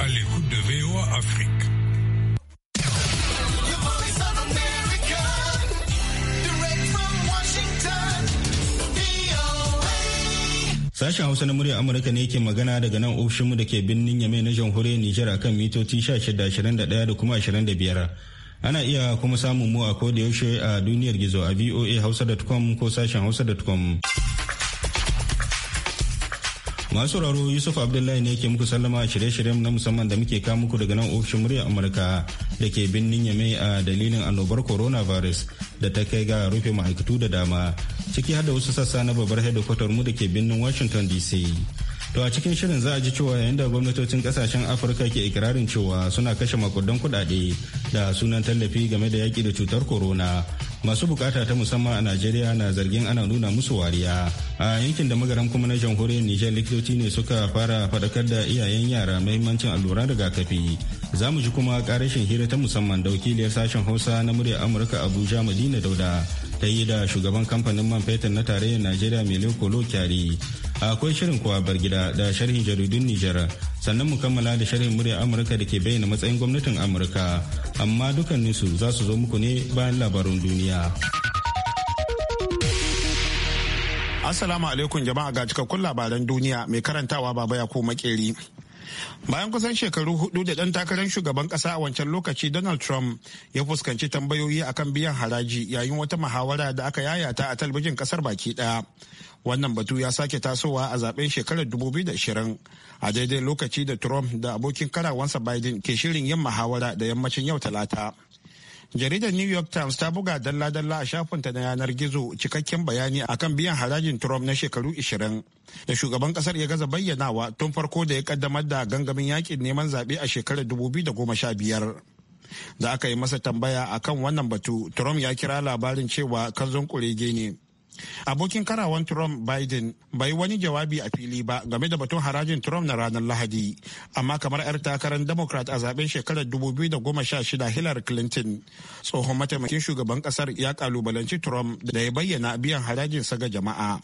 à l'écoute de VOA Afrique. Sashen Hausa na murya Amurka ne ke magana daga nan ofishinmu da ke birnin Yamai na jamhuriyar Nijar akan mitoci 1621 da kuma biyar. Ana iya kuma samun mu a kodayaushe yaushe a duniyar gizo a voa hausa.com ko sashen hausa.com. Masu sauraro Yusuf Abdullahi ne ke muku sallama shirye-shiryen na musamman da muke kawo muku daga nan ofishin murya Amurka da ke birnin Yame a dalilin annobar coronavirus da ta kai ga rufe ma'aikatu da dama ciki har da wasu sassa na babbar hedikwatar mu da ke birnin Washington DC. To a cikin shirin za a ji cewa yayin da gwamnatocin kasashen Afirka ke ikirarin cewa suna kashe makudan kuɗaɗe da sunan tallafi game da yaƙi da cutar corona. Masu bukata ta musamman a Najeriya na zargin ana nuna musu wariya. A yankin da magaran kuma na jamhuriyar Nijar likitoci ne suka fara faɗakar da iyayen yara mahimmancin alluran rigakafi. Za mu ji kuma ƙarashin hira ta musamman da wakiliyar sashen Hausa na murya Amurka Abuja Madina Dauda ta yi da shugaban kamfanin man fetur na tarayyar Najeriya Mele Kolo Kyari. akwai shirin kuwa bar gida da sharhin jaridun Nijar sannan mu kammala da sharhin murya Amurka da ke bayyana matsayin gwamnatin Amurka amma dukkaninsu za su zo muku ne bayan labarun duniya. Assalamu alaikum jama'a ga cikakkun labaran duniya mai karantawa baba ya makeri. bayan kusan shekaru hudu da ɗan takarar shugaban ƙasa a wancan lokaci donald trump ya fuskanci tambayoyi akan biyan haraji yayin wata muhawara da aka yayata a talbijin ƙasar baki ɗaya. wannan batu ya sake tasowa a zaben shekarar 2020 a daidai lokaci da trump da abokin karawansa biden ke shirin yin muhawara da yammacin yau talata jaridar new york times ta buga dalla-dalla a shafinta na yanar gizo cikakken bayani akan biyan harajin trump na shekaru 20 da shugaban kasar ya gaza bayyanawa tun farko da ya kaddamar da gangamin yakin neman zaɓe a shekarar 2015 da aka yi masa tambaya akan wannan batu trump ya kira labarin cewa kanzon kurege ne abokin karawan trump biden bai wani jawabi a fili ba game da batun harajin trump na ranar lahadi amma kamar 'yar takarar democrat a zaben shekarar 2016 hillary clinton tsohon mataimakin shugaban kasar ya kalubalanci trump da ya bayyana biyan harajinsa ga jama'a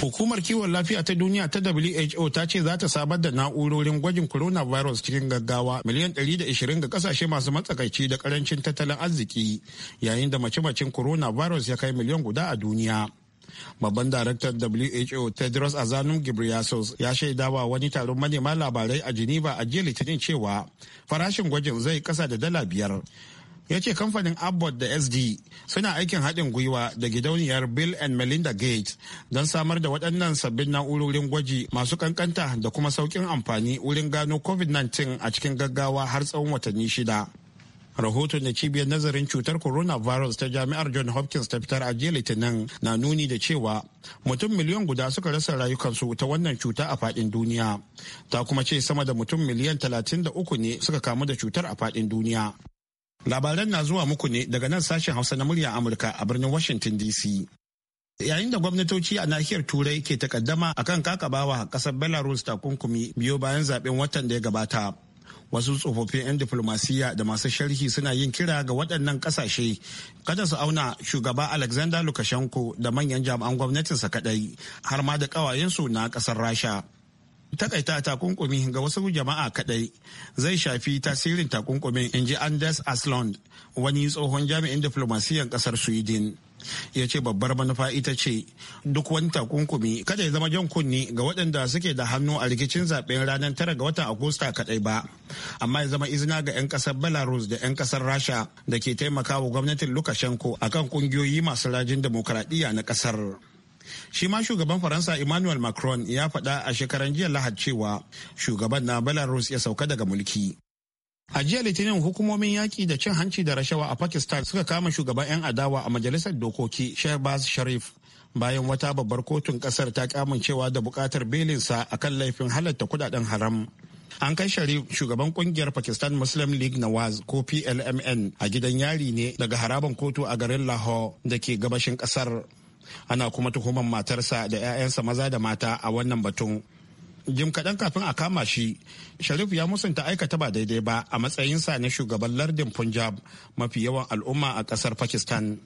Hukumar kiwon lafiya ta duniya ta WHO ta ce za ta samar da na'urorin gwajin coronavirus cikin gaggawa miliyan 120 ga kasashe masu matsakaici da karancin tattalin arziki yayin da mace-macen coronavirus ya kai miliyan guda a duniya. Babban daraktan WHO Tedros Adhanom Ghebreyesus ya shaidawa wani taron manema labarai a Geneva a jiya Litinin cewa farashin gwajin zai kasa da dala biyar. ya ce kamfanin abbott da sd suna aikin haɗin gwiwa da gidauniyar bill and melinda gates don samar da waɗannan sabbin na'urorin gwaji masu kankanta da kuma sauƙin amfani wurin gano covid-19 a cikin gaggawa har tsawon watanni shida rahoton da cibiyar nazarin cutar coronavirus ta jami'ar john hopkins ta fitar a jiya litinin na nuni da cewa mutum miliyan guda suka rasa rayukansu ta wannan cuta a fadin duniya ta kuma ce sama da mutum miliyan 33 ne suka kamu da cutar a fadin duniya Labaran na zuwa muku ne daga nan sashen Hausa na murya Amurka a birnin Washington DC. Yayin da gwamnatoci a nahiyar Turai ke takaddama akan kakabawa kasar Belarus takunkumi biyo bayan zaben watan da ya gabata. Wasu tsofaffin 'yan diflomasiyya da masu sharhi suna yin kira ga waɗannan ƙasashe kada su auna shugaba Alexander Lukashenko da manyan jami'an gwamnatinsa kaɗai har ma da ƙawayensu na ƙasar Rasha. takaita takunkumi ga wasu jama'a kadai zai shafi tasirin takunkumin in ji anders aslund wani tsohon jami'in diflomasiyan kasar sweden ya ce babbar manufa ita ce duk wani takunkumi kada ya zama jan kunni ga waɗanda suke da hannu a rikicin zaben ranar tara ga watan agusta kadai ba amma ya zama izina ga 'yan kasar belarus da 'yan kasar rasha da ke taimakawa gwamnatin lukashenko akan kungiyoyi masu rajin demokradiyya na kasar shi ma shugaban faransa emmanuel macron ya faɗa a shekaran jiya lahad cewa shugaban na belarus ya sauka daga mulki a jiya litinin hukumomin yaƙi da cin hanci da rashawa a pakistan suka kama shugaban 'yan adawa a majalisar dokoki shehbaz sharif bayan wata babbar kotun kasar ta cewa da bukatar belinsa akan laifin halatta kudaden haram an kai sharif shugaban kungiyar pakistan muslim league nawaz ko plmn a gidan yari ne daga haraban kotu a garin lahore da ke gabashin kasar ana kuma tuhumar matarsa da 'ya'yansa maza da mata a wannan batun jim kaɗan kafin a kama shi sharif ya musanta aikata ba daidai ba a matsayinsa na shugaban lardin punjab mafi yawan al'umma a ƙasar pakistan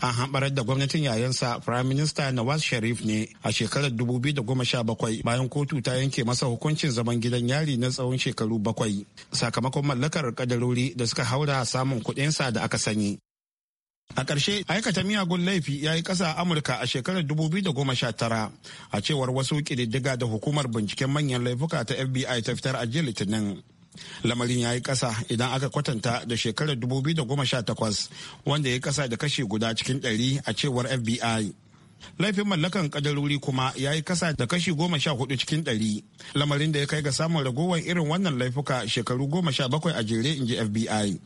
an hambarar da gwamnatin yayansa prime minister nawaz sharif ne a shekarar 2017 bayan kotu ta yanke masa hukuncin zaman gidan yari na tsawon shekaru bakwai sakamakon mallakar kadarori da suka haura samun kuɗinsa da aka sani A ƙarshe aikata miyagun laifi ya yi ƙasa a Amurka a shekarar 2019 a cewar wasu ƙididdiga da hukumar binciken manyan laifuka ta FBI ta fitar a jiya Litinin. Lamarin ya yi ƙasa idan aka kwatanta da shekarar 2018 wanda ya yi ƙasa da kashi guda cikin ɗari a cewar FBI. Laifin mallakan kadarori kuma ya yi ƙasa da kashi goma sha hudu cikin ɗari, lamarin da ya kai ga samun ragowar irin wannan laifuka shekaru goma sha bakwai a jere in ji FBI.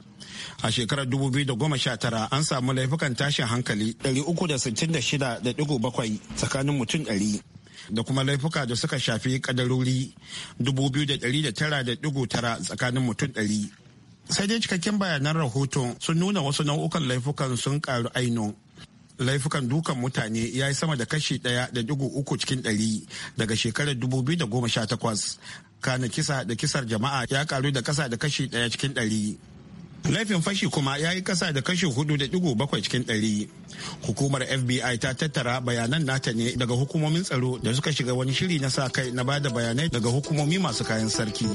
a shekarar 2019 an samu laifukan tashin hankali 366.7 tsakanin mutum 100 da kuma laifuka da suka shafi kadarori 2,909 tsakanin mutum 100 sai dai cikakken bayanan rahoton sun nuna wasu nau'ukan laifukan sun karu ainihin laifukan dukan mutane ya yi sama da kashi ɗaya da digo uku cikin ɗari daga shekarar dubu kana kisa da kisar jama'a ya karu da kasa da kashi ɗaya cikin ɗari laifin fashi kuma ya yi kasa da kashi hudu da digo bakwai cikin ɗari hukumar fbi ta tattara bayanan nata ne daga hukumomin tsaro da suka shiga wani shiri na sa kai na bada bayanai daga hukumomi masu kayan sarki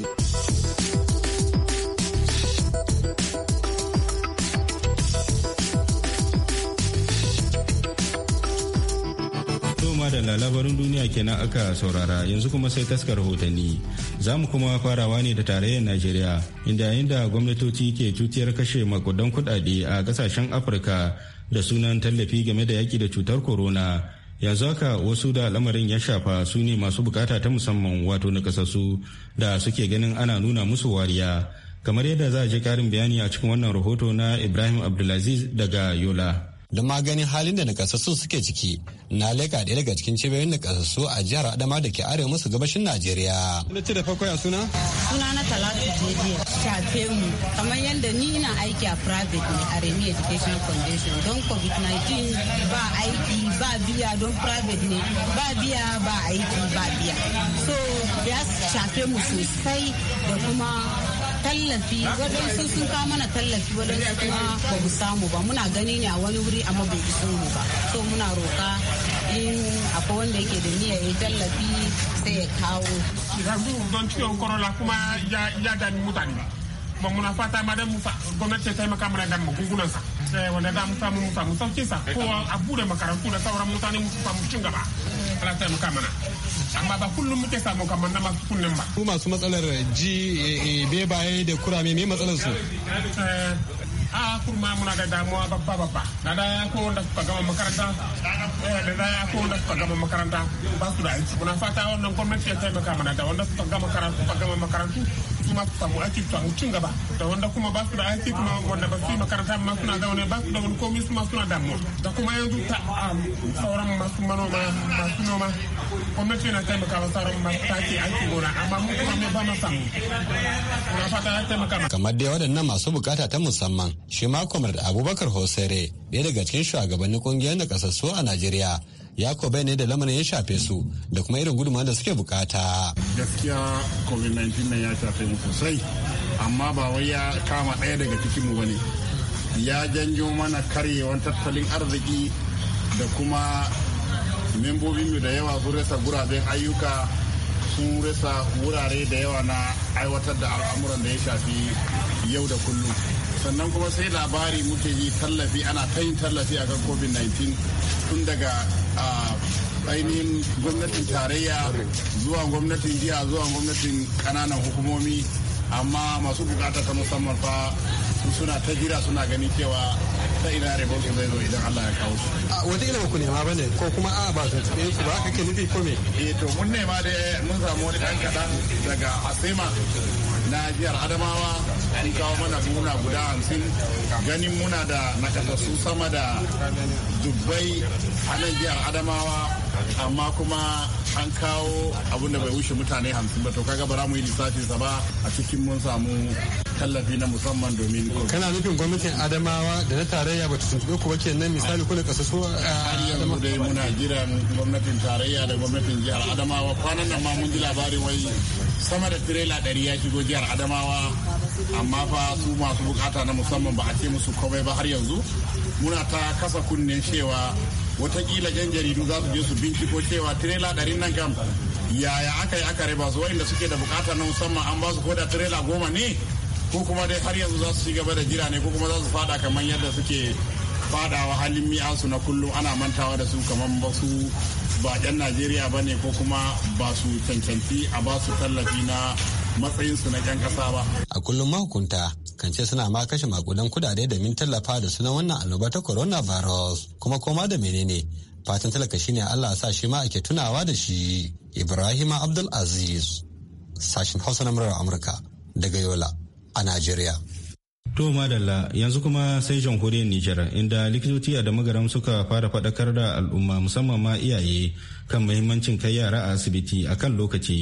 madalla labarin duniya kenan aka saurara yanzu kuma sai taskar rahotanni za mu kuma farawa ne da tarayyar najeriya inda yayin da gwamnatoci ke cutiyar kashe makudan kudade a kasashen afirka da sunan tallafi game da yaki da cutar corona yanzu haka wasu da lamarin ya shafa su ne masu bukata ta musamman wato nakasassu da suke ganin ana nuna musu wariya kamar yadda za a je karin bayani a cikin wannan rahoto na ibrahim abdulaziz daga yola don maganin halin da nakasassun suke ciki na leka ɗaya daga cikin cibiyoyin nakasassu a jihar adama da ke arewa masu gabashin najeriya na ce da farko ya suna suna na talatu jeje shafe kamar yadda ni na aiki a private ne a remi education foundation don covid-19 ba aiki ba biya don private ne ba biya ba aiki ba biya so ya shafe mu sosai da kuma tallafi waɗansu sun ka mana tallafi waɗansu kuma ba mu samu ba muna gani ne a wani wuri amma bai iso mu ba so muna roka in akwai wanda yake da niyyar ya tallafi sai ya kawo. Yanzu don ciwon kuma ya mutane. ba muna fata ma dan musa gwamnati ta taimaka mana da magungunan sa wanda za mu samu mu samu sauki sa kowa a bude makarantu da sauran mutane mu samu cin gaba Allah ta taimaka mana amma ba kullum muke samu kamar na masu kullum ba ku masu matsalar ji bebaye da kurame me matsalar su a kurma muna da damuwa babba babba da da ya ko wanda suka gama makaranta da da ya ko wanda suka gama makaranta ba su da aiki muna fata wannan gwamnati ta taimaka mana da wanda suka gama makaranta suka gama makarantu su ma su samu aiki su samu cin gaba da wanda kuma ba su da aiki kuma wanda ba su yi makaranta ma suna da wani ba su da wani komi su ma suna da mu da kuma yanzu ta um, sauran masu manoma masu noma gwamnati na taimaka wa sauran ma ta ke aiki gona amma mu kuma mai ba ma samu na fata ya taimaka ma kamar dai waɗannan masu bukata ta musamman shi ma kwamar da abubakar hosere ɗaya daga cikin shugabannin ƙungiyar na ƙasassu a najeriya ya ko ne da lamarin ya shafe su da kuma irin gudunmawar da suke bukata gaskiya covid-19 nan ya shafe mu sosai amma ba wai ya kama ɗaya daga cikin mu bane ya janyo mana karyewar tattalin arziki da kuma membobinmu da yawa sun rasa guraben ayyuka sun rasa wurare da yawa na aiwatar da al'amuran da ya shafi yau da kullum sannan kuma sai labari muke yi tallafi ana ta yin tallafi akan covid-19 tun daga A ainihin gwamnatin tarayya zuwa gwamnatin jiya zuwa gwamnatin kananan hukumomi amma masu bukata ta musamman fa suna ta jira suna ganin cewa ta ina rabon zai zo idan Allah ya kawo su. A wata ina ku nema bane ko kuma a ba su tsaye su ba kake nufi ko me? Eh to mun nema da mun samu wani dan kaɗan daga Asema na jihar adamawa an kawo mana buhuna guda hamsin ganin muna da nakasassu sama da dubbai a nan jihar adamawa amma kuma an kawo abin da bai wuce mutane hamsin ba to kaga ba mu yi lissafin sa ba a cikin mun samu tallafi na musamman domin kana nufin gwamnatin adamawa da na tarayya ba ta tuntuɓe ku ba nan misali kuna kasa so a yanzu dai muna jiran gwamnatin tarayya da gwamnatin jihar adamawa kwanan nan ma mun ji labarin wai sama da tirela ɗari ya shigo jihar jihar adamawa amma fa su masu bukata na musamman ba a ce musu komai ba har yanzu muna ta kasa kunnen cewa watakila yan jaridu za su je su binciko cewa tirela dari nan kam yaya aka yi aka riba su waɗanda suke da bukata na musamman an ba su ko da tirela goma ne ko kuma dai har yanzu za su ci gaba da jira ne ko kuma za su fada kamar yadda suke fadawa halin mi'ansu na kullum ana mantawa da su kamar ba su ba 'yan najeriya ba ne ko kuma ba su cancanci a ba su tallafi na matsayinsu na ƙasa ba. A kullum mahukunta kan ce suna ma kashe makudan kudade domin tallafa da sunan wannan annoba ta coronavirus kuma koma da menene fatan talaka shine Allah sa shi ma ake tunawa da shi. Ibrahim Abdul Aziz sashin Hausa na murar Amurka daga Yola a Najeriya. To madalla yanzu kuma sai jamhuriyar Nijar inda likitoci da magaram suka fara faɗakar da al'umma musamman ma iyaye kan muhimmancin kai yara a asibiti akan lokaci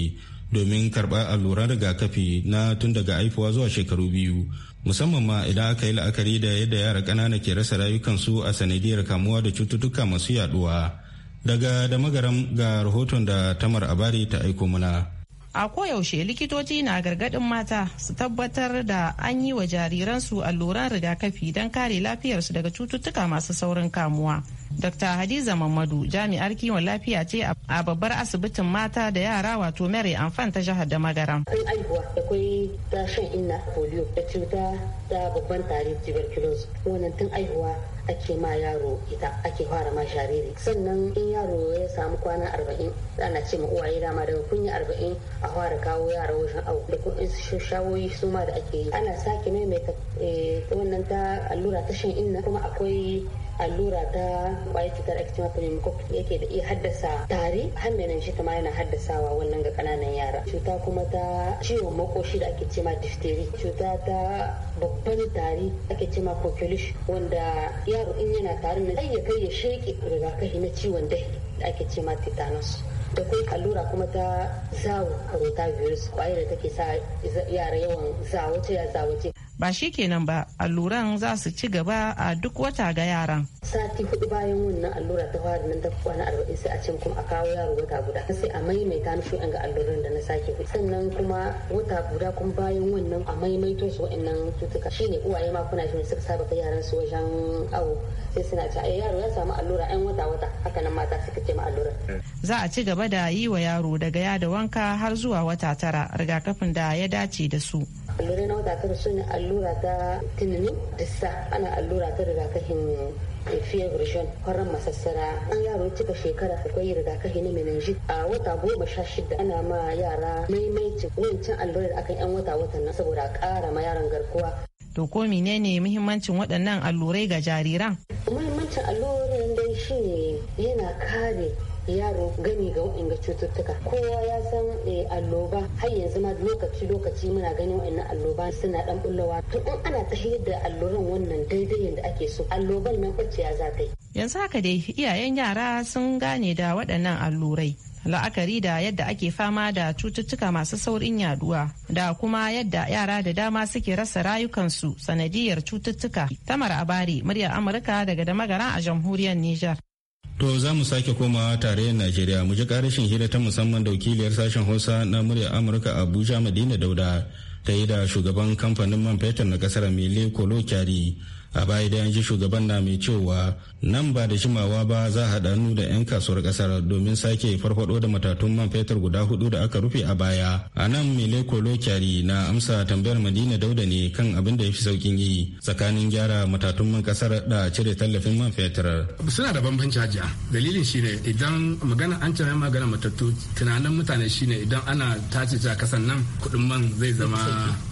domin karɓar alluran rigakafi na tun daga haifuwa zuwa shekaru biyu musamman ma idan aka yi la'akari da yadda yara ƙanana ke rasa rayukansu a sanadiyar kamuwa da cututtuka masu yaduwa daga da magaram ga rahoton da tamar abari ta aiko mana a koyaushe likitoci na gargadin mata su tabbatar da an yi wa jariransu alluran rigakafi don kare lafiyarsu daga cututtuka masu saurin kamuwa Dr. Hadiza Mamadu jami'ar kiwon lafiya ce a babbar asibitin mata da yara wato Mary Amfan ta jihar da Magaram. Akwai aihuwa akwai ta shan inna polio da cuta ta babban tari tuberculosis wannan tun aihuwa ake ma yaro ita ake fara ma jariri sannan in yaro ya samu kwana arba'in ana ce ma uwaye dama daga kunya arba'in a fara kawo yara wajen awo da kuɗin shawoyi su ma da ake yi ana sake maimaita eh, wannan ta allura ta shan inna kuma akwai allura ta kwayar cutar eczema pneumococcal yake da iya haddasa tari haminan shi ta ma yana haddasawa wannan ga kananan yara cuta kuma ta ciwon makoshi da ake cema diphtheria cuta ta babban tari ake cema coculish wanda yaro in yana tarin nan ya kai ya sheke rigakafi na ciwon dai da ake cema tetanus da kai allura kuma ta zawo rotavirus kwayar da take sa yara yawan zawace ya zawace ba shi kenan ba alluran za su ci gaba a duk wata ga yaran sati hudu bayan wannan allura ta fara nan ta kwana arba'in sai a ce kuma a kawo yaro wata guda sai a maimaita na su ga alluran da na sake hudu sannan kuma wata guda kuma bayan wannan a maimaito su wa'annan cutuka shine uwaye ma kuna shi suka saba kai yaran su wajen awo sai suna ce ai yaro ya samu allura ɗan wata wata haka nan mata suka ce ma allura za a ci gaba da yi wa yaro daga ya da wanka har zuwa wata tara rigakafin da ya dace da su allurai na wata su ne allura ta tinini dissa ana allura ta rigakafin fiyar shan kwaran masassara an yaro cika shekara akwai rigakafi na meningitis a wata goma sha shida ana ma yara maimaitin wancan allurar da aka yan wata watan nan saboda a kara ma yaran garkuwa to ko menene muhimmancin waɗannan allurai ga jariran muhimmancin allurar dai shine yana kare yaro gani ga waɗanga cututtuka kowa ya san eh, alloba har yanzu ma lokaci lokaci muna gani waɗannan alloba suna dan bullawa to in ana ta da alluran wannan daidai yadda ake so alloban nan kwaciya za ta yi yanzu haka dai iyayen yara sun gane da waɗannan allurai la'akari da yadda ake fama da cututtuka masu saurin yaduwa da kuma yadda yara da dama suke rasa rayukansu sanadiyar cututtuka tamar abari murya amurka daga damagaran a jamhuriyar niger To za mu sake komawa tarayyar Najeriya mu ji karashin hira ta musamman da wakiliyar sashen Hausa na murya Amurka Abuja Madina Dauda ta yi da shugaban kamfanin man fetur na kasar Mele Kolo Kyari. A baya da ji shugaban na mai cewa nan ba da shimawa ba za a hannu da 'yan kasuwar ƙasar domin sake farfado da matatun man fetur guda hudu da aka rufe a baya a nan mele kolo kyari na amsa tambayar madina dauda ne kan abin da ya fi saukin yi tsakanin gyara matatun man ƙasar da cire tallafin man fetur suna da bambanci hajiya dalilin shine idan magana an cire magana matattu tunanin mutane shine idan ana tace ta kasan nan kuɗin man zai zama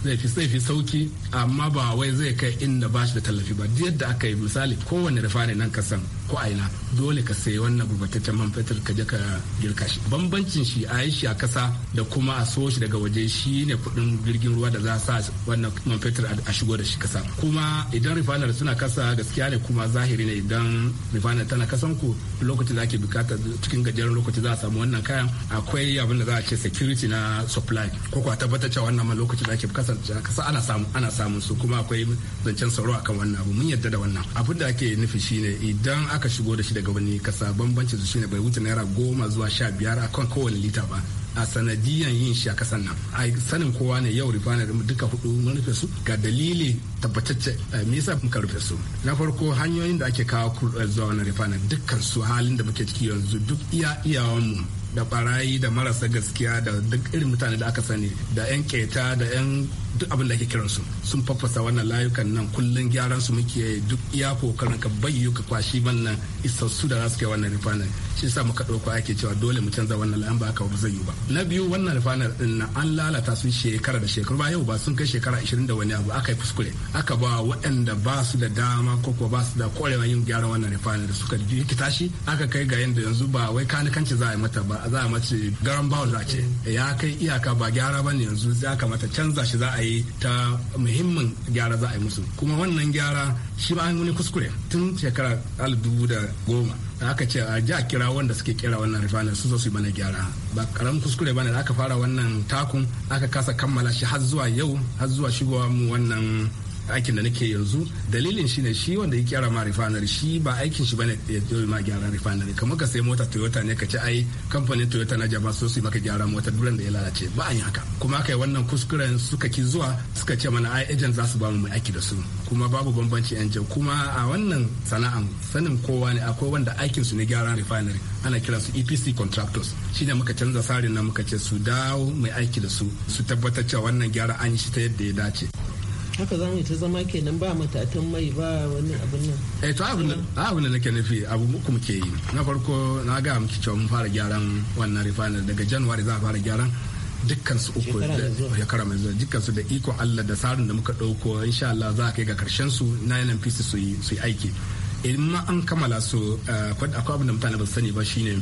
zai fi sai fi sauki amma ba wai zai kai inda ba shi da tallafi ba yadda aka yi misali kowane rifare nan kasan ko a ina dole ka sayi wannan gurbataccen man fetur ka je ka girka shi bambancin shi a yi shi a kasa da kuma a so shi daga waje shi ne kuɗin jirgin ruwa da za a sa wannan man fetur a shigo da shi kasa kuma idan refinery suna kasa gaskiya ne kuma zahiri ne idan refinery tana kasan ku lokacin da ake bukata cikin gajeren lokaci za a samu wannan kayan akwai abin da za a ce security na supply ko kuwa tabbatar cewa wannan man lokacin da ake bukata kasa ana samu ana samun su kuma akwai zancen tsaro akan wannan abu mun yadda da wannan abin da ake nufi shine idan aka shigo da shi daga wani kasa bambancin su shine bai wuce naira goma zuwa sha biyar a kan kowane lita ba a sanadiyan yin shi a kasan nan a sanin kowa ne yau refinery duka hudu mun rufe su ga dalili tabbatacce eh, me yasa muka rufe su na farko hanyoyin da ake kawo kurɗar eh, zuwa wani refinery dukkan su halin da muke ciki yanzu duk iya iyawanmu da barayi da marasa gaskiya da duk irin mutane da aka sani da 'yan keta da 'yan duk abin da ake kiran su sun fafasa wannan layukan nan kullun gyaran su muke duk iya kokarin ka bayyu ka kwashi wannan isassu da za su kai wannan rifanar shi sa muka ɗauko ake cewa dole mu canza wannan layan ba haka ba zai yi ba na biyu wannan rifanar din nan an lalata su shekara da shekaru ba yau ba sun kai shekara 20 da wani abu aka yi kuskure aka ba waɗanda ba su da dama ko ba su da korewa yin gyaran wannan rifanar da suka rikita shi aka kai ga yanda yanzu ba wai kanikanci za a yi mata ba za a mace garan bawul ce ya kai iyaka ba gyara ba ne yanzu za ka mata canza shi za a yi ta muhimmin gyara za a yi musu kuma wannan gyara shi ba an wani kuskure tun shekara alif dubu da goma da aka ce a ja kira wanda suke kira wannan rifani su zo su yi mana gyara ba karamin kuskure bane da aka fara wannan takun aka kasa kammala shi har zuwa yau har zuwa shigowa mu wannan aikin da nake yanzu dalilin shine shi wanda ya gyara ma refinery shi ba aikin shi bane ya yi ma gyara refinery kamar ka sai mota Toyota ne ka ce ai kamfanin Toyota na jaba so su maka gyara mota duran da ya lalace ba an yi haka kuma kai wannan kuskuren suka ki zuwa suka ce mana ai agent za su ba mu mai aiki da su kuma babu bambanci yan jau kuma a wannan sana'an sanin kowa ne akwai wanda aikin su ne gyaran refinery ana kiran su EPC contractors ne muka canza tsarin na muka ce su dawo mai aiki da su su tabbatar cewa wannan gyara an yi shi ta yadda ya dace haka za mu ta zama kenan ba matatan mai ba wani abin nan eh to abin da nake nufi abu muku muke yi na farko na ga muke cewa mun fara gyaran wannan refinery daga january za a fara gyaran dukkan su uku shekara mai zuwa dukkan su da iko Allah da tsarin da muka dauko insha Allah za a kai ga karshen su na fisi su yi su yi aiki in ma an kammala su eh, akwai abin da mutane ba su sani ba shine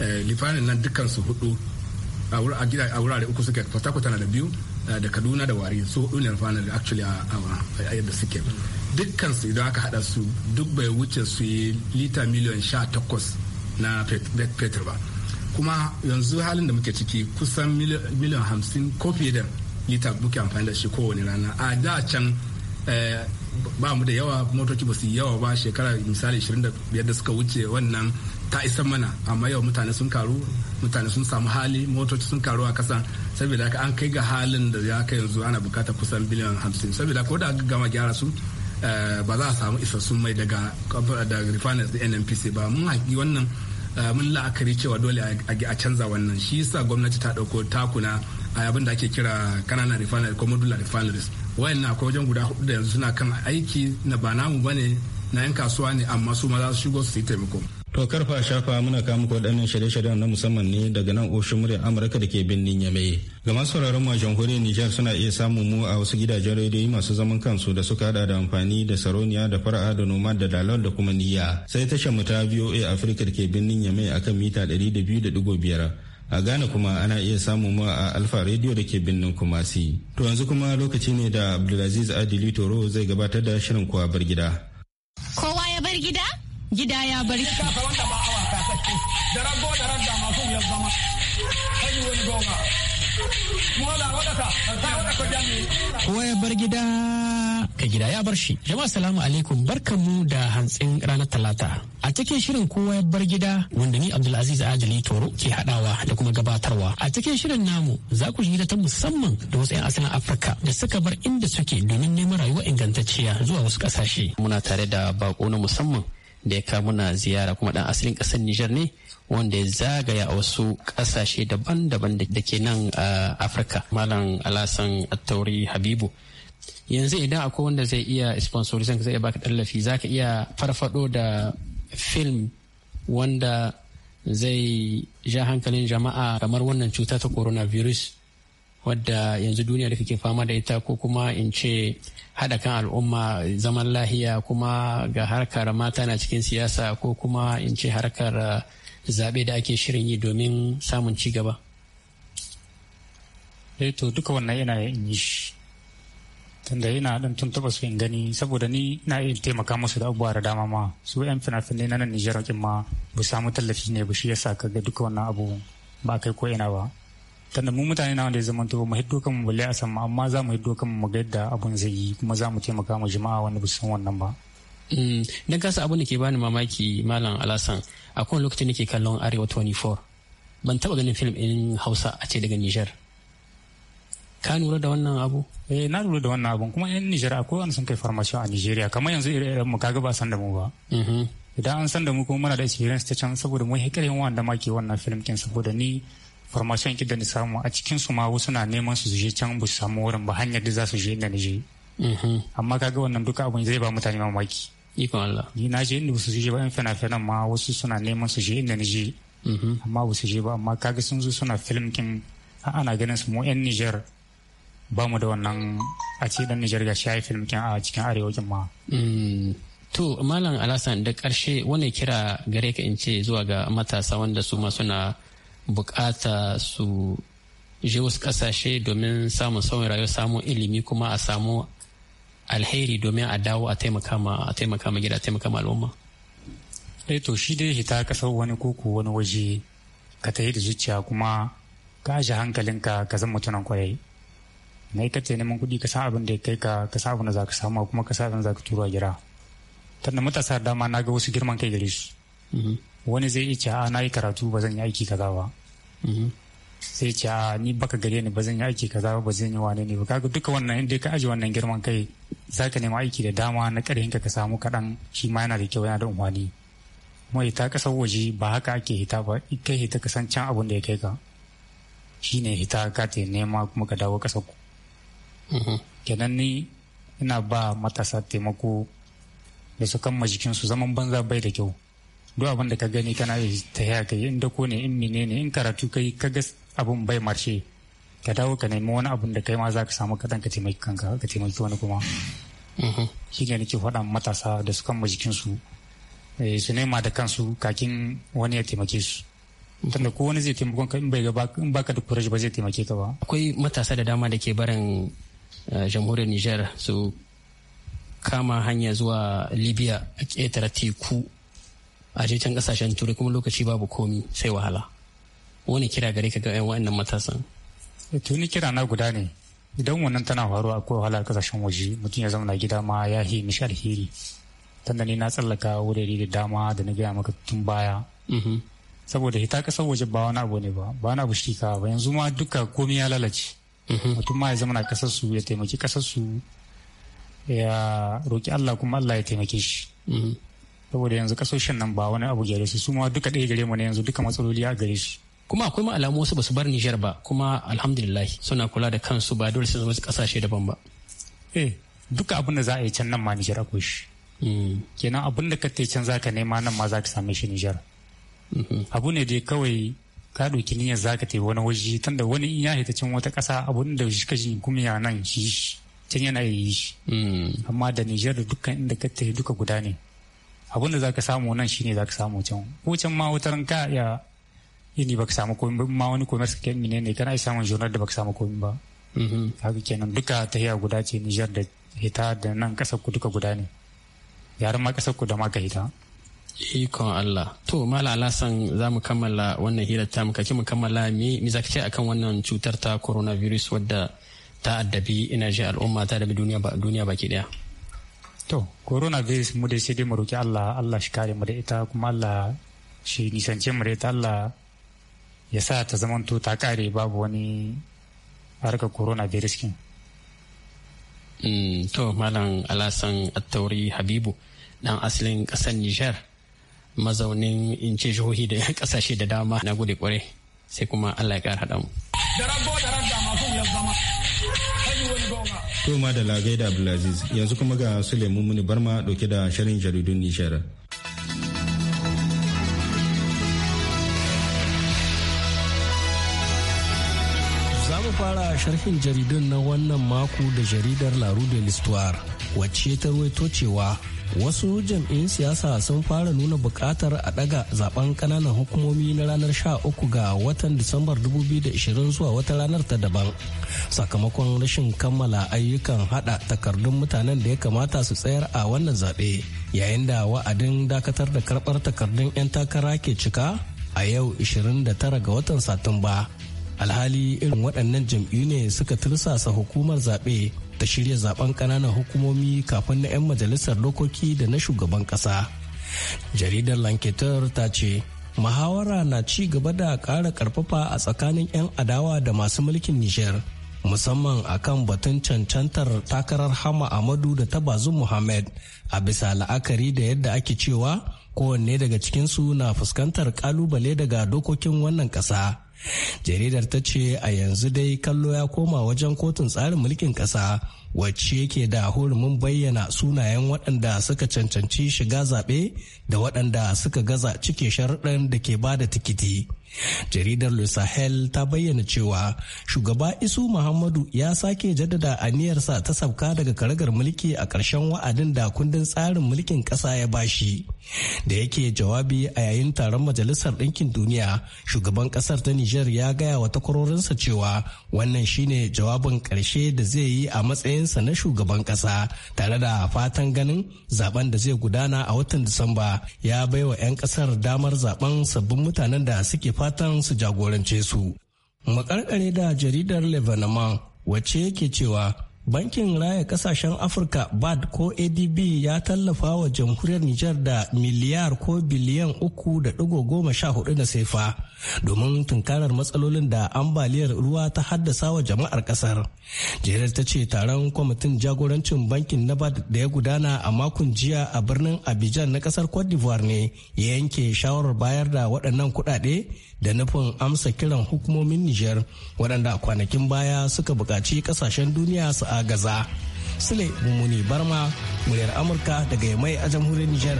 eh, refinery nan dukkan su hudu a wurare uku suke Fatakwata na da biyu Eh, da kaduna da wari so hudu ne final actually a yadda suke dukkan su idan aka hada su duk bai wuce su yi lita miliyan sha takwas na fetur ba kuma yanzu halin da muke ciki kusan miliyan hamsin ko fiye da lita muke amfani da shi kowane rana a da can eh, ba mu da yawa motoci ba su yawa ba shekara misali 25 da suka wuce wannan ta isa mana amma yau mutane sun karu mutane sun samu hali motoci sun karu a kasa saboda haka an kai ga halin da ya kai yanzu ana bukatar kusan biliyan hamsin saboda ko da aka gama gyara su eh, ba za a samu isassun mai daga refiners da nnpc ba mun haƙi wannan eh, mun la'akari cewa dole a canza wannan shi yasa gwamnati ta ɗauko takuna a abin da ake kira kananan refineries ko modular refineries wayanna akwai wajen guda hudu da yanzu suna kan aiki na ba namu bane na yan kasuwa ne amma su ma za su shigo su yi taimako To karfa shafa muna kama ko waɗannan shirye-shiryen na musamman ne daga nan ofishin murya Amurka da ke birnin Yamai. Ga masu sauraron mu a jamhuriyar Nijar suna iya samun mu a wasu gidajen rediyo masu zaman kansu da suka hada da amfani da Saroniya da Fara'a da Noma da Dalal da kuma Niyya. Sai tashar mu ta VOA afirka da ke birnin Yamai kan mita ɗari da da biyu biyar a Ghana kuma ana iya samun mu a Alfa Radio da ke birnin Kumasi. To yanzu kuma lokaci ne da Abdulaziz Adili Toro zai gabatar da shirin kowa bar gida. Kowa ya bar gida? gida ya bari kowa bar gida ka gida ya bar shi jama'a salamu alaikum barkamu da hantsin ranar talata a cikin shirin kowa ya bar gida wanda ni abdulaziz ajali toro ke hadawa da kuma gabatarwa a cikin shirin namu za ku ji ta musamman da wasu 'yan asalin afirka da suka bar inda suke domin neman rayuwa ingantacciya zuwa wasu kasashe muna tare da bako na musamman da ya kawo muna ziyara kuma dan asalin kasar Nijar ne wanda ya zagaya a wasu kasashe daban-daban da ke nan a Afirka. Malam Alasan Attauri Habibu. Yanzu idan akwai wanda zai iya sponsorizan zai iya baka tallafi za ka iya farfado da film wanda zai ja hankalin jama'a kamar wannan cuta ta coronavirus wadda yanzu duniya da kake fama da ita ko kuma in ce haɗa kan al'umma zaman lahiya kuma ga harkar mata na cikin siyasa ko kuma in ce harkar eh, zaɓe da ake shirin yi domin samun ci gaba? Eh, to duka wannan yana yin yi shi tunda yana ɗan tuntuɓa su in gani saboda ni na iya taimaka musu da abubuwa da dama ma su 'yan fina-finai na nan nijar ma bu samu tallafi ne ba shi yasa ka ga duka wannan abu ba kai ko ina ba tunda mu mutane na wanda ya zama to mu hiddo kan mu balle a sama amma za mu hiddo kan mu ga yadda abun zai yi kuma za mu taimaka mu jama'a wanda ba san wannan ba dan mm, kasa abun da ke bani mamaki malam alasan a kowane lokacin da ke kallon arewa 24 ban taba ganin film in hausa a ce daga nijar ka lura da wannan abu eh na lura da wannan abun kuma yan nijar akwai wani sun kai farmasiyo a Nijeriya kamar yanzu irin mu kaga ba san da mu ba mm-hmm. idan an san da mu kuma muna da experience ta can saboda mu hekarin wanda ma ke wannan film kin saboda ni farmasiyon ki da samu a cikin su ma wasu na neman su je can su samu wurin ba hanyar da za su je inda ni je mhm. amma kaga wannan duka abin zai ba mutane mamaki ikon Allah ni na je inda su je ba yan fina-finan ma wasu suna neman su je inda ni je mhm. amma ba su je ba amma kaga sun zo suna film kin ana ganin su mu yan Niger ba mu da wannan a ce dan Niger ga shi film kin a cikin arewacin ma mm. To Malam Alasan da ƙarshe wani kira gare ka in ce zuwa ga matasa wanda su ma suna bukata su je wasu kasashe domin samun sauyin rayuwa samun ilimi kuma a samu alheri domin a dawo a taimaka ma a taimaka ma gida a taimaka ma al'umma eh to shi dai hita kasar wani koko wani waje ka yi da zuciya kuma ka aje hankalinka ka zama mutumin kwarai na yi kace neman kuɗi ka san abin da ya kai ka ka san abin da za ka samu kuma ka san abin da za ka turo a gida tunda matasa dama na ga wasu girman kai gare su mm-hmm. wani zai iya a na yi karatu ba zan yi aiki kaza ba Mhm. sai ce ni baka gare ni ba zan yi aiki kaza ba ba zan yi wane ne ba kaga duka wannan inda ka aji wannan girman kai za ka nema aiki da dama na ƙarfin ka ka samu kaɗan shi ma yana da kyau yana da umarni kuma hita ƙasar waje ba haka ake hita ba kai hita ka san can abin da ya kai ka shi ne hita ka ta nema kuma ka dawo ƙasar ku mhm. kenan ni ina ba matasa taimako da su kan su zaman banza bai da kyau duk abin da ka gani kana yi ta ya kai in dako ne in mine ne in karatu kai ka ga abin bai marshe ka dawo ka nemi wani abin da kai ma za ka samu kaɗan ka taimaki kanka ka taimaki wani kuma mm-hmm. shi ne nake faɗa matasa da su kama jikinsu eh, su nema da kansu kakin wani ya taimake su tunda ko wani zai taimakon ka in bai ga baka da kuraji ba zai taimake ka ba akwai matasa da dama da ke barin eh, jamhuriyar niger su kama hanya zuwa libya a ƙetare teku a je can kasashen turai kuma lokaci babu komi sai wahala wani kira gare ka ga 'yan wa'annan matasan eh, tuni kira na guda ne idan wannan tana faruwa akwai wahala kasashen waje mutum ya zauna gida ma ya hi mishi alheri tanda ni na tsallaka wurare da dama da na gaya maka tun baya mm-hmm. saboda hita kasar waje ba wani abu ne ba ba wani abu ka ba yanzu ma duka komi ya lalace mm-hmm. mutum ma ya zama na kasar su ya taimaki kasar su ya roki Allah kuma Allah ya taimake shi mm-hmm. saboda yanzu kasoshin nan ba wani abu gare su su ma duka ɗaya gare mu ne yanzu duka matsaloli a gare shi kuma akwai ma'alamu wasu basu bar Nijar ba kuma alhamdulillah suna kula da kansu ba dole sun zama kasashe daban ba eh duka abin da za a yi can nan ma Nijar a shi hmm. kenan abin da ka ta can zaka nema nan ma ka same shi Nijar mm-hmm. abu ne dai kawai ka ɗauki niyyar ka tafi wani waje da wani in ya haita can wata ƙasa abin da shi ka ji gumiya nan shi can yana yi shi hmm. amma da Nijar da dukkan inda ka tafi duka guda ne abinda za ka samu nan shine za ka samu can wucin ma wutar ka ya yini ba ka samu komi ba wani commerce ka mine ne kana samun journal da ba ka samu komi ba mm-hmm. haka kenan duka ta hiyar guda ce Nijar da hita da nan kasar ku duka guda ne yaran ma kasar ku da ma ka hita ikon Allah to mala alasan za mu kammala wannan hira ta mu kaki mu kammala mi mi zaka ce akan wannan cutar ta coronavirus wadda ta addabi ina al'umma ta da duniya ba duniya baki daya To, coronavirus mu da sai dai mu roƙi Allah, Allah shi kare mu da ita kuma Allah shi nisance mu da ita Allah ya sa ta zamanto ta kare babu wani harkar coronavirus kin. Mm, to, Malam Alasan Attauri Habibu, dan asalin ƙasar Nijar, mazaunin in ce jihohi da ƙasashe da dama na gode kwarai sai kuma Allah ya ƙara haɗa mu. toma da lagai da Abdulaziz yanzu kuma ga Suleiman Muni Barma dauke da shirin jaridun nishara mu fara sharhin jaridun na wannan mako da jaridar laru de l'histoire wacce ta ruwaito cewa wasu jam'in siyasa sun fara nuna buƙatar a ɗaga zaben ƙananan hukumomi na ranar 13 ga watan disambar 2020 zuwa wata ranar ta daban sakamakon rashin kammala ayyukan hada takardun mutanen da ya kamata su tsayar a wannan zaɓe yayin da wa'adin dakatar da karɓar takardun 'yan takara ke cika a yau 29 ga watan satumba alhali irin waɗannan jam'iyyu ne suka tursasa hukumar zaɓe ta shirya zaben ƙananan hukumomi kafin na 'yan majalisar dokoki da na shugaban ƙasa. Jaridar Lanketer ta ce, Muhawara na ci gaba da ƙara ƙarfafa a tsakanin 'yan adawa da masu mulkin Nijar, musamman a kan batun cancantar takarar Hama Amadu da Tabazu Muhammad a bisa la'akari da yadda ake cewa kowanne daga cikinsu na fuskantar ƙalubale daga dokokin wannan ƙasa. jaridar ta ce a yanzu dai kallo ya koma wajen kotun tsarin mulkin kasa wacce yake da hurumin bayyana sunayen waɗanda suka cancanci shiga zaɓe da waɗanda suka gaza cike sharuɗan da ke bada tikiti. jaridar le sahel ta bayyana cewa shugaba isu muhammadu ya sake jaddada aniyarsa ta sabka daga karagar mulki a ƙarshen wa'adin da kundin tsarin mulkin ƙasa ya bashi da yake jawabi a yayin taron majalisar ɗinkin duniya shugaban ƙasar ta niger ya gaya wa takwarorinsa cewa wannan shine jawabin ƙarshe da zai yi a matsayinsa na shugaban ƙasa tare da fatan ganin zaben da zai gudana a watan disamba ya baiwa 'yan ƙasar damar zaben sabbin mutanen da suke fatan su jagorance su makarkare da jaridar lebanon wacce yake cewa bankin raya kasashen afirka bad ko adb ya tallafa wa jamhuriyar nijar da miliyar ko biliyan uku da digo goma sha hudu na sefa domin tunkarar matsalolin da ambaliyar ruwa ta haddasa wa jama'ar kasar jerar ta ce taron kwamitin jagorancin bankin na bad da ya gudana a makon jiya a birnin abidjan na kasar cote d'ivoire ne ya yanke shawarar bayar da waɗannan kuɗaɗe da nufin amsa kiran hukumomin Nijar waɗanda kwanakin baya suka buƙaci ƙasashen duniya su agaza. Sule Mumuni Barma, muryar Amurka daga mai a jamhuriyar Nijar.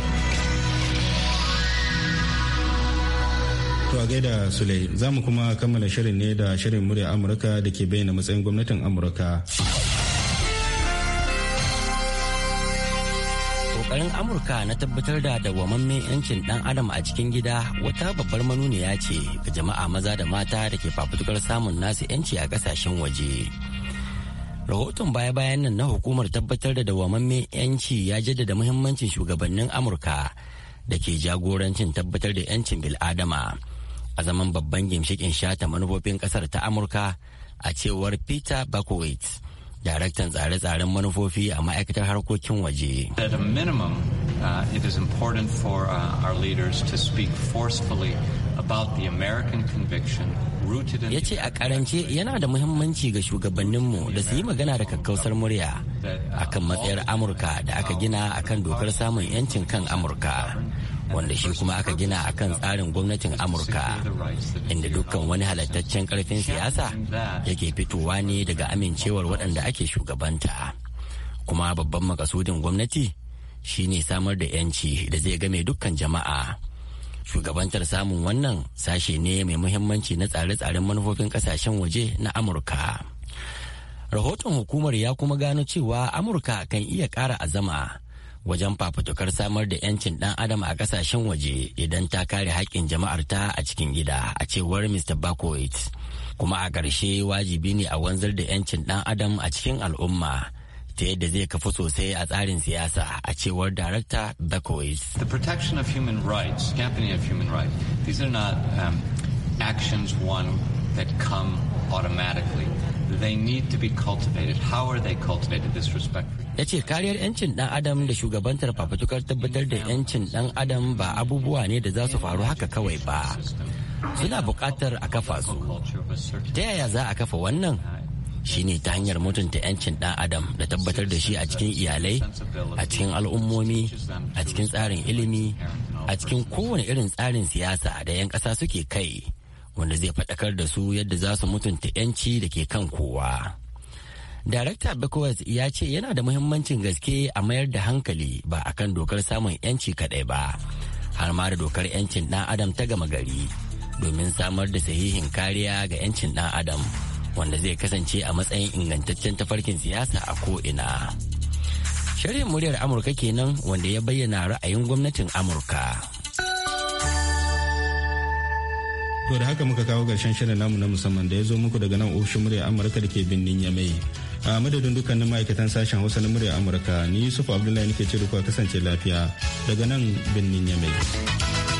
To a gaida Sule, za mu kuma kammala shirin ne da shirin muryar Amurka da ke bayyana matsayin gwamnatin Amurka. kokarin amurka na tabbatar da dawwamammen yancin dan adam a cikin gida wata babbar manuniya ce ga jama'a maza da mata da ke fafutukar samun nasu yanci a kasashen waje rahoton baya-bayan nan na hukumar tabbatar da dawwamammen yanci ya jaddada muhimmancin shugabannin amurka da ke jagorancin tabbatar da yancin bil'adama a zaman babban gimshikin shata manufofin ƙasar ta amurka a cewar peter bakowitz daraktan tsare-tsaren manufofi a ma'aikatar harkokin waje. At a minimum, uh, important for uh, our leaders to speak forcefully about the American conviction ya ce a karance yana da muhimmanci ga shugabanninmu da su yi magana da kakkausar murya akan matsayar amurka da aka gina akan dokar samun 'yancin kan amurka wanda shi kuma aka gina a kan tsarin gwamnatin amurka inda dukkan wani halittaccen karfin siyasa yake fitowa ne daga amincewar waɗanda ake shugabanta kuma babban makasudin gwamnati shine samar da 'yanci da zai game dukkan jama'a shugabantar samun wannan sashe ne mai muhimmanci na tsare-tsaren manufofin kasashen waje na amurka rahoton hukumar ya kuma gano cewa amurka kan iya ƙara azama wajen fafutukar samar da 'yancin ɗan adam a ƙasashen waje idan ta kare haƙƙin jama'arta a cikin gida a cewar mr bakowitz kuma a ƙarshe wajibi ne a wanzar da 'yancin ɗan adam a cikin al'umma ta yadda zai kafi sosai a tsarin siyasa a cewar darakta bakowitz the protection of human rights championing of human rights these are not um, actions one that come automatically They need to be cultivated. How are they cultivated respect? Ya ce kariyar 'yancin ɗan adam da shugabantar fafutukar tabbatar da 'yancin ɗan adam ba abubuwa ne da za su faru haka kawai ba. Suna bukatar a kafa su. Ta yaya za a kafa wannan? shi ne ta hanyar mutunta 'yancin ɗan adam da tabbatar da shi a cikin iyalai a cikin al'ummomi a cikin tsarin ilimi a cikin kowane irin tsarin siyasa da 'yan ƙasa suke kai wanda zai faɗakar da su yadda za su mutunta 'yanci da ke kan kowa. Darakta Bekowitz ya ce yana da muhimmancin gaske a mayar da hankali ba a kan dokar samun 'yanci kaɗai ba, har ma da dokar 'yancin ɗan adam ta gama gari domin samar da sahihin kariya ga 'yancin ɗan adam wanda zai kasance a matsayin ingantaccen tafarkin siyasa a ko'ina. Shirin muryar Amurka kenan wanda ya bayyana ra'ayin gwamnatin Amurka. To da haka muka kawo ƙarshen shirin namu na musamman da ya zo muku daga nan ofishin murya Amurka da ke birnin Yamai. A madadin dukkanin ma'aikatan sashen Hausa na murya Amurka ni Yusuf Abdullahi ke ce da kasance lafiya daga nan birnin Yamai.